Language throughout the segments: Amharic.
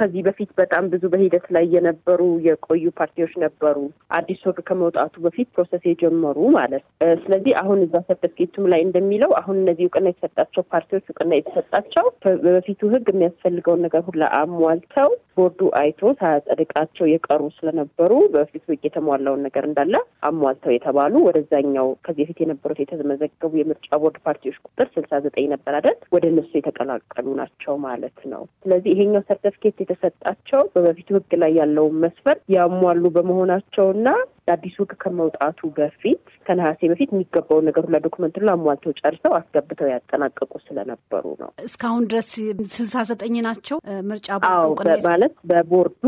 ከዚህ በፊት በጣም ብዙ በሂደት ላይ የነበሩ የቆዩ ፓርቲዎች ነበሩ፣ አዲስ ወግ ከመውጣቱ በፊት ፕሮሰስ የጀመሩ ማለት። ስለዚህ አሁን እዛ ሰርተፍኬቱም ላይ እንደሚለው አሁን እነዚህ እውቅና የተሰጣቸው ፓርቲዎች እውቅና የተሰጣቸው በፊቱ ህግ የሚያስፈልገውን ነገር ሁላ አሟልተው ቦርዱ አይቶ ሳያጸድቃቸው የቀሩ ስለነበሩ በፊት ህግ የተሟላውን ነገር እንዳለ አሟልተው የተባሉ ወደዛኛው ከዚህ በፊት የነበሩት የተመዘገቡ የምርጫ ቦርድ ፓርቲዎች ቁጥር ስልሳ ዘጠኝ ነበር አይደል? ወደ እነሱ የተቀላቀሉ ናቸው ማለት ነው። ስለዚህ ይሄኛው ሰርተፍኬት የተሰጣቸው በበፊቱ ህግ ላይ ያለውን መስፈር ያሟሉ በመሆናቸውና አዲሱ ህግ ከመውጣቱ በፊት ከነሐሴ በፊት የሚገባውን ነገር ሁላ ዶክመንት ሁላ አሟልተው ጨርሰው አስገብተው ያጠናቀቁ ስለነበሩ ነው። እስካሁን ድረስ ስልሳ ዘጠኝ ናቸው። ምርጫ ማለት በቦርዱ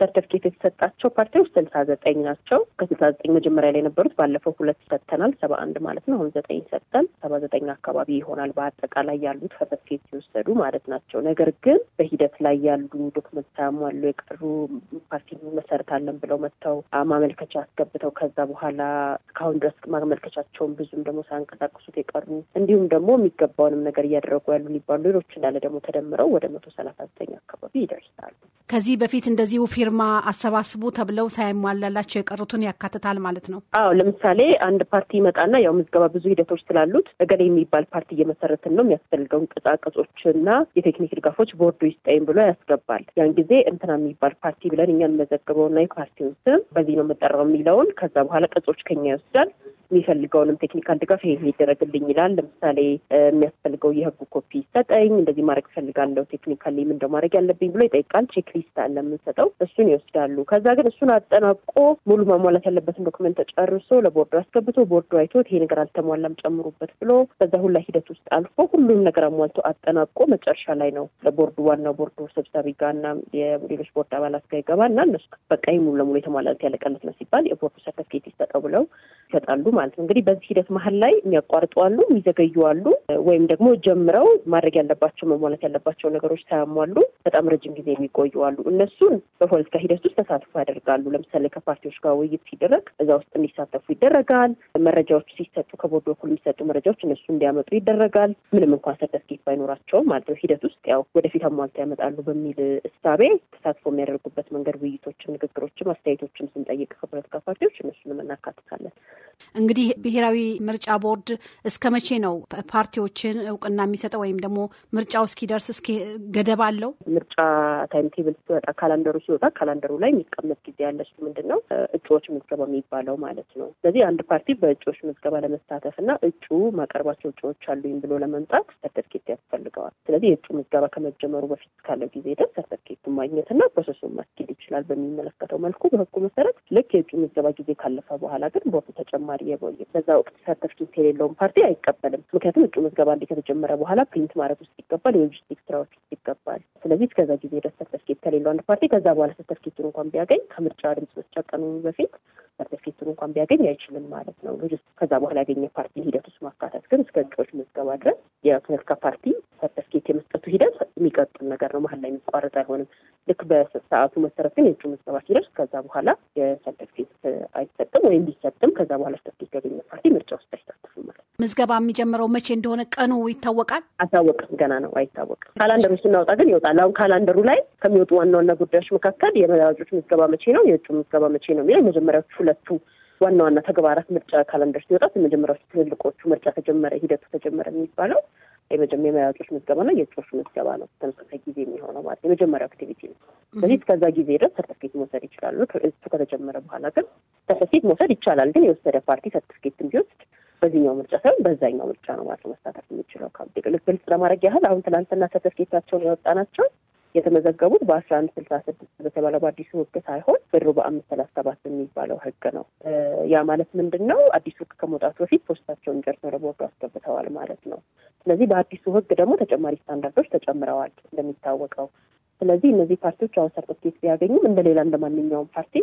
ሰርተፊኬት የተሰጣቸው ፓርቲዎች ስልሳ ዘጠኝ ናቸው። ከስልሳ ዘጠኝ መጀመሪያ ላይ የነበሩት ባለፈው ሁለት ሰጥተናል፣ ሰባ አንድ ማለት ነው። አሁን ዘጠኝ ሰጥተን ሰባ ዘጠኝ አካባቢ ይሆናል በአጠቃላይ ያሉት ከሰርተፊኬት ሲወሰዱ ማለት ናቸው። ነገር ግን በሂደት ላይ ያሉ ዶክመንት ሳያሟሉ የቀሩ ፓርቲ መሰረታለን ብለው መጥተው ማመልከቻ አስገብተው ከዛ በኋላ እስካሁን ድረስ ማመልከቻቸውን ብዙም ደግሞ ሳያንቀሳቀሱት የቀሩ እንዲሁም ደግሞ የሚገባውንም ነገር እያደረጉ ያሉ ሊባሉ ሌሎች እንዳለ ደግሞ ተደምረው ወደ መቶ ሰላሳ ዘጠኝ አካባቢ ይደርሳሉ። ከዚህ በፊት እንደዚሁ ፊርማ አሰባስቡ ተብለው ሳይሟላላቸው የቀሩትን ያካትታል ማለት ነው። አዎ፣ ለምሳሌ አንድ ፓርቲ ይመጣና ያው ምዝገባ ብዙ ሂደቶች ስላሉት እገሌ የሚባል ፓርቲ እየመሰረትን ነው የሚያስፈልገውን ቅጻቅጾችና የቴክኒክ ድጋፎች ቦርዱ ይስጠይም ብሎ ያስገባል። ያን ጊዜ እንትና የሚባል ፓርቲ ብለን እኛን መዘግበውና የፓርቲውን ስም በዚህ ነው የምጠራው የሚለው ያለውን ከዛ በኋላ ቅጾች ከኛ ይወስዳል። የሚፈልገውንም ቴክኒካል ድጋፍ ይሄ ይደረግልኝ ይላል። ለምሳሌ የሚያስፈልገው የህጉ ኮፒ ይሰጠኝ፣ እንደዚህ ማድረግ እፈልጋለሁ፣ ቴክኒካል ምንደው ማድረግ ያለብኝ ብሎ ይጠይቃል። ቼክ ሊስት አለ የምንሰጠው፣ እሱን ይወስዳሉ። ከዛ ግን እሱን አጠናቆ ሙሉ ማሟላት ያለበትን ዶክመንት ተጨርሶ ለቦርዱ አስገብቶ ቦርዱ አይቶት ይሄ ነገር አልተሟላም ጨምሩበት ብሎ በዛ ሁላ ሂደት ውስጥ አልፎ ሁሉም ነገር አሟልቶ አጠናቆ መጨረሻ ላይ ነው ለቦርዱ ዋናው ቦርዱ ሰብሳቢ ጋርና የሌሎች ቦርድ አባላት ጋር እና እነሱ በቃ ሙሉ ለሙሉ የተሟላለት ያለቀለት ነው ሲባል የቦርዱ ሰርተፍኬት ይሰጠው ብለው ይሰጣሉ ማለት ነው። እንግዲህ በዚህ ሂደት መሀል ላይ የሚያቋርጡ አሉ፣ የሚዘገዩ አሉ፣ ወይም ደግሞ ጀምረው ማድረግ ያለባቸው መሟላት ያለባቸው ነገሮች ሳያሟሉ በጣም ረጅም ጊዜ የሚቆዩ አሉ። እነሱን በፖለቲካ ሂደት ውስጥ ተሳትፎ ያደርጋሉ። ለምሳሌ ከፓርቲዎች ጋር ውይይት ሲደረግ እዛ ውስጥ እንዲሳተፉ ይደረጋል። መረጃዎች ሲሰጡ ከቦርድ በኩል የሚሰጡ መረጃዎች እነሱ እንዲያመጡ ይደረጋል። ምንም እንኳን ሰርተፍኬት ባይኖራቸውም ማለት ነው። ሂደት ውስጥ ያው ወደፊት አሟልታ ያመጣሉ በሚል እሳቤ ተሳትፎ የሚያደርጉበት መንገድ ውይይቶችም፣ ንግግሮችም፣ አስተያየቶችም ስንጠይቅ ከፖለቲካ ፓርቲዎች እነሱንም እናካትታለን። እንግዲህ ብሔራዊ ምርጫ ቦርድ እስከ መቼ ነው ፓርቲዎችን እውቅና የሚሰጠው? ወይም ደግሞ ምርጫው እስኪደርስ እስኪ ገደብ አለው? ምርጫ ታይም ቴብል ሲወጣ ካላንደሩ ሲወጣ ካላንደሩ ላይ የሚቀመጥ ጊዜ ያለች ምንድን ነው እጩዎች ምዝገባ የሚባለው ማለት ነው። ስለዚህ አንድ ፓርቲ በእጩዎች ምዝገባ ለመሳተፍ እና እጩ ማቀርባቸው እጩዎች አሉኝ ብሎ ለመምጣት ሰርተፍኬት ያስፈልገዋል። ስለዚህ የእጩ ምዝገባ ከመጀመሩ በፊት ካለው ጊዜ ደስ ሰርተፍኬቱን ማግኘትና ፕሮሰሱን ማስኬድ ይችላል። በሚመለከተው መልኩ በህጉ መሰረት ልክ የእጩ ምዝገባ ጊዜ ካለፈ በኋላ ግን ቦርዱ ተጨማሪ በዛ ወቅት ሰርተፍኬት የሌለውን ፓርቲ አይቀበልም። ምክንያቱም እጩ ምዝገባ እንዲ ከተጀመረ በኋላ ፕሪንት ማድረግ ውስጥ ይገባል፣ የሎጂስቲክ ስራዎች ውስጥ ይገባል። ስለዚህ እስከዛ ጊዜ ድረስ ሰርተፍኬት ከሌለው አንድ ፓርቲ ከዛ በኋላ ሰርተፍኬቱን እንኳን ቢያገኝ ከምርጫ ድምጽ መስጫ ቀኑ በፊት ሰርተፍኬቱን እንኳን ቢያገኝ አይችልም ማለት ነው። ከዛ በኋላ ያገኘ ፓርቲ ሂደት ውስጥ ማካተት ግን እስከ እጩዎች ምዝገባ ድረስ የፖለቲካ ፓርቲ ሰርተፍኬት የመስጠቱ ሂደት የሚቀጥል ነገር ነው። መሀል ላይ የሚቋረጥ አይሆንም። ልክ በሰዓቱ መሰረት ግን የእጩ ምዝገባ ሲደርስ ከዛ በኋላ የሰርተፊኬት አይሰጥም ወይም ቢሰጥም ከዛ በኋላ ሰርተፊኬት ያገኘ ፓርቲ ምርጫ ውስጥ አይሳተፍም ማለት ነው። ምዝገባ የሚጀምረው መቼ እንደሆነ ቀኑ ይታወቃል? አልታወቅም፣ ገና ነው፣ አይታወቅም። ካላንደሩ ስናወጣ ግን ይወጣል። አሁን ካላንደሩ ላይ ከሚወጡ ዋና ዋና ጉዳዮች መካከል የመራጮች ምዝገባ መቼ ነው፣ የእጩ ምዝገባ መቼ ነው የሚለው የመጀመሪያዎቹ ሁለቱ ዋና ዋና ተግባራት ምርጫ ካላንደር ሲወጣት የመጀመሪያዎቹ ትልልቆቹ ምርጫ ተጀመረ፣ ሂደቱ ተጀመረ የሚባለው የመጀመሪያ ምዝገባ ምዝገባና የእጩዎች ምዝገባ ነው። ተመሳሳይ ጊዜ የሚሆነው ማለት የመጀመሪያው አክቲቪቲ ነው። ስለዚህ እስከዛ ጊዜ ድረስ ሰርተፍኬት መውሰድ ይችላሉ። እሱ ከተጀመረ በኋላ ግን ሰርተፍኬት መውሰድ ይቻላል። ግን የወሰደ ፓርቲ ሰርተፍኬት ቢወስድ በዚህኛው ምርጫ ሳይሆን በዛኛው ምርጫ ነው ማለት መሳተፍ የሚችለው። ካብ ግልጽ ለማድረግ ያህል አሁን ትናንትና ሰርተፍኬታቸውን ናቸው የተመዘገቡት በአስራ አንድ ስልሳ ስድስት በተባለው በአዲሱ ህግ ሳይሆን ብሩ በአምስት ሰላሳ ሰባት የሚባለው ህግ ነው። ያ ማለት ምንድን ነው? አዲሱ ህግ ከመውጣቱ በፊት ፖስታቸውን ጨርሰው ለቦርዱ አስገብተዋል ማለት ነው። ስለዚህ በአዲሱ ህግ ደግሞ ተጨማሪ ስታንዳርዶች ተጨምረዋል እንደሚታወቀው። ስለዚህ እነዚህ ፓርቲዎች አሁን ሰርተፍኬት ቢያገኙም እንደሌላ እንደ ማንኛውም ፓርቲ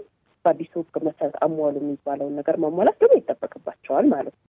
በአዲሱ ህግ መሰረት አሟሉ የሚባለውን ነገር ማሟላት ደግሞ ይጠበቅባቸዋል ማለት ነው።